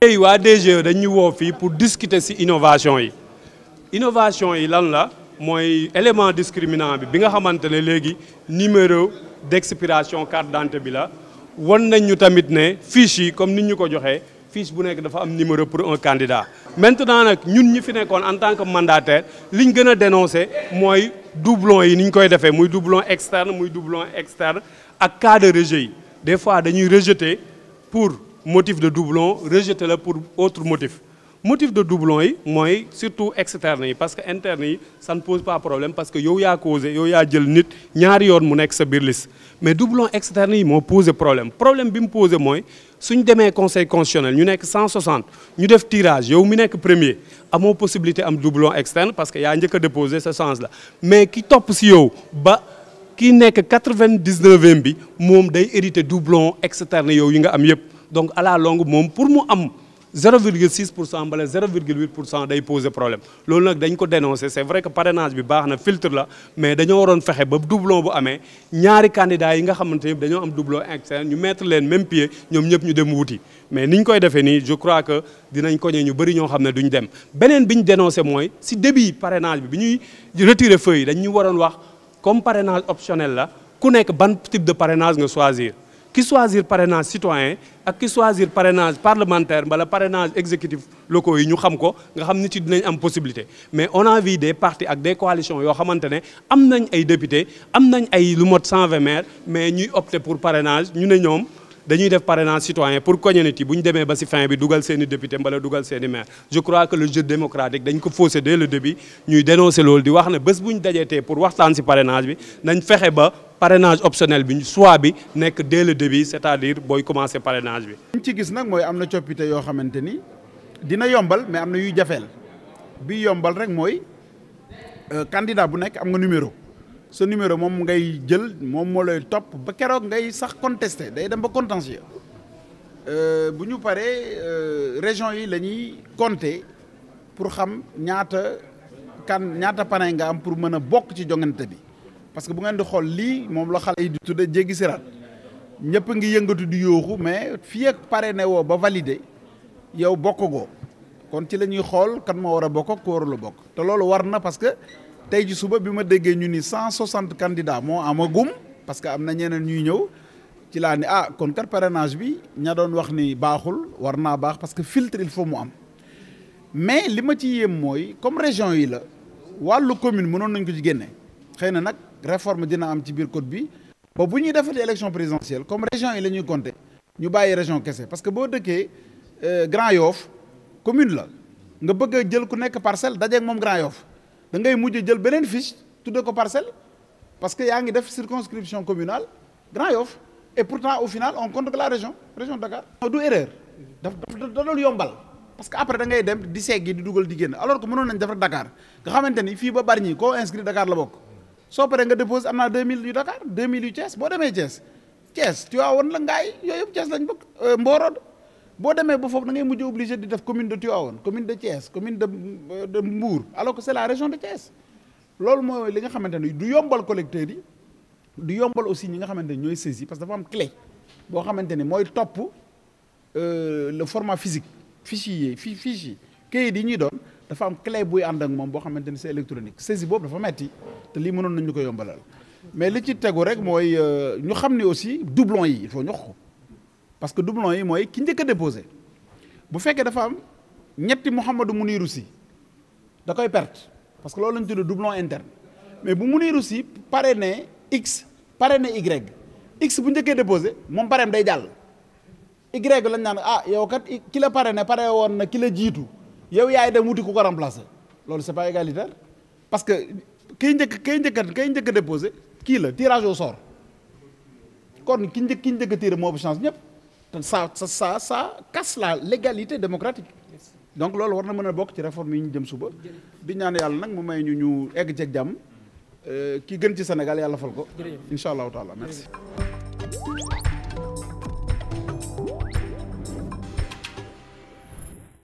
tey waa DGE dañuy woo fii pour discuter ci innovation yi innovation yi lan la mooy élément discriminant bi bi nga xamante ne léegi numéro d'expiration carte d'identité bi la wan nañ ñu tamit ne fiche yi comme ni ñu ko joxee fiche bu nekk dafa am numéro pour un candidat maintenant nag ñun ñi fi nekkoon en tant que mandataire liñ gën a dénoncer mooy doublon yi ni ñu koy defee muy doublon externe muy doublon externe ak cas de rejet yi des fois dañuy rejeter pour motif de doublon rejeter la pour autre motif motif de doublon yi mooy surtout externe yi parce que interne yi ça ne pose pas problème parce que yow yaa causé yow yaa jël nit ñaari yoon mu nekk sa biir liste mais doublon externe yi moo posé problème problème bi mu posé mooy suñ demee conseil constitutionnel ñu nekk 160 ñu def tirage yow mi nekk premier amoo possibilité am doublon externe parce que yaa njëkk a déposé ce sens là mais ki topp si yow ba kii nekk vingt 99e bi moom day hérité doublon externe yow yi nga am yëpp donc am. zéro virgule six pour cent mbala zéro pour cent day poser problème loolu nag dañ ko dénoncer c'est vrai que parrainage bi baax na filtre la mais dañoo waroon fexe ba doublon bu amee ñaari candidats yi nga xamante ne dañoo am doublon externe ñu mettre leen même ñoom ñëpp ñu dem wuti mais niñ koy defee nii je crois que dinañ koñe ñu bëri ñoo xam ne duñ dem beneen bi ñu dénoncé mooy si début parenage bi bi ñuy retirer feuille dañ ñu waroon wax comme parrainage optionnel la ku nekk ban type de parrainage nga choisir ki choisir parrainage citoyen ak ki choisir parrainage parlementaire mbala parrainage exécutif locaux yi ñu xam ko nga xam nit yi dinañ am possibilité mais on a vu des partis ak des coalitions yoo xamante ne am nañ ay député am nañ ay lu mot 120 maires mais ñuy opté pour parrainage ñu ne ñoom dañuy def parrainage citoyen pour cogner nit yi bu ñu demee ba ci fin bi dugal seeni député mbala dugal seeni maire je crois que le jeu démocratique dañ ko faussé le début ñuy dénoncer loolu di wax ne bés bu ñu dajeetee pour waxtaan ci parrainage bi nañ fexe ba parrainage optionnel bi ñu soit bi nekk dès le début c'est-à-dire booy commencer parrainage bi. li ñu ci gis nag mooy am na coppite yoo xamante ni dina yombal mais am na yuy jafeel bi yombal rek mooy euh, candidat bu nekk am nga numéro sa numéro moom ngay jël moom moo lay topp ba keroog ngay sax contesté day dem ba contentieux euh, bu ñu paree euh, région yi la ñuy compter pour xam ñaata kan ñaata parrain nga am pour mën a bokk ci jongante bi. parce que bu ngeen di xool lii moom la xale yi di tudde jéggi siraat ñëpp ngi yëngatu di yooxu mais fii ak pare ne woo ba validé yow bokk goo kon ci la ñuy xool kan moo war a bokk ak ku warul a bokk te loolu war na parce que tey ji suba bi ma déggee ñu ni cent soixante candidats moo amagum parce que am na ñeneen ñuy ñëw ci laa ni ah kon kat parrainage bi ña doon wax ni baaxul war naa baax parce que filtre il mu am mais li ma ci yéem mooy comme région yi la wàllu commune mënoon nañ ko ci génne xëy na nag réforme dina am ci biir code bi ba bu ñuy defati élection présidentielle comme région yi la ñuy bàyyi région kese parce que boo dëkkee euh, Grand Yoff commune la nga bëgg a jël ku nekk parcelle dajeeg moom Grand Yoff da ngay mujj jël beneen fiche tudde ko parcelle parce que yaa ngi def circonscription communale Grand Yoff et pourtant au final on compte que la région région Dakar. du erreur daf da doon yombal parce que après da ngay dem di seggi di dugal di génn alors que mënoon nañ def rek nga xamante ni fii la bokk. soo paree nga dépose am naa 2000 yu Dakar 2000 yu Thiès boo demee Thiès Thiès Tivaouane la ngaay yooyu yëpp Thiès lañ bëgg euh, boo demee ba foofu da ngay mujj obligé di def commune de Tivaouane commune de Thiès commune de euh, de Mbour alors que c'est la région de Thiès loolu mooy li nga xamante ne du yombal collecteur yi du yombal aussi ñi nga xamante ne ñooy saisi parce que dafa am clé boo xamante ne mooy topp euh, le format physique fichier fi fichier kayit yi ñuy doon dafa am clé buy ànd ak moom boo xamante ne c'est électronique saisi boobu dafa metti te lii nañ nañu ko yombalal mais li ci tegu rek mooy euh, ñu xam ni aussi doublon yi il faut ñu ko parce que doublon yi mooy ki njëkk a déposé bu fekkee dafa am ñetti Mouhamadou Mouniru Sy da koy perte parce que loolu lañ tuddee doublon interne mais bu Mouniru Sy parrainé x ne y x bu njëkkee déposé moom pareem day jàll y lañ naan ah yow kat ki pare ne pare woon na ki jiitu yow yaay dem wuti ku ko remplacer loolu c'est pas égalitaire parce kay njëkk kay njëkk kay njëkk déposé kii la tirage au kon ki njëkk ki njëkk a tiré moo bu chance ñëpp te ça ça ça casse la légalité démocratique donc loolu war na mën a bokk ci réforme yi ñu jëm suba bi ñaan yàlla nag mu may ñu ñu egg ceeg jàmm euh, ki gën ci Sénégal yàlla fal ko incha allahu taala merci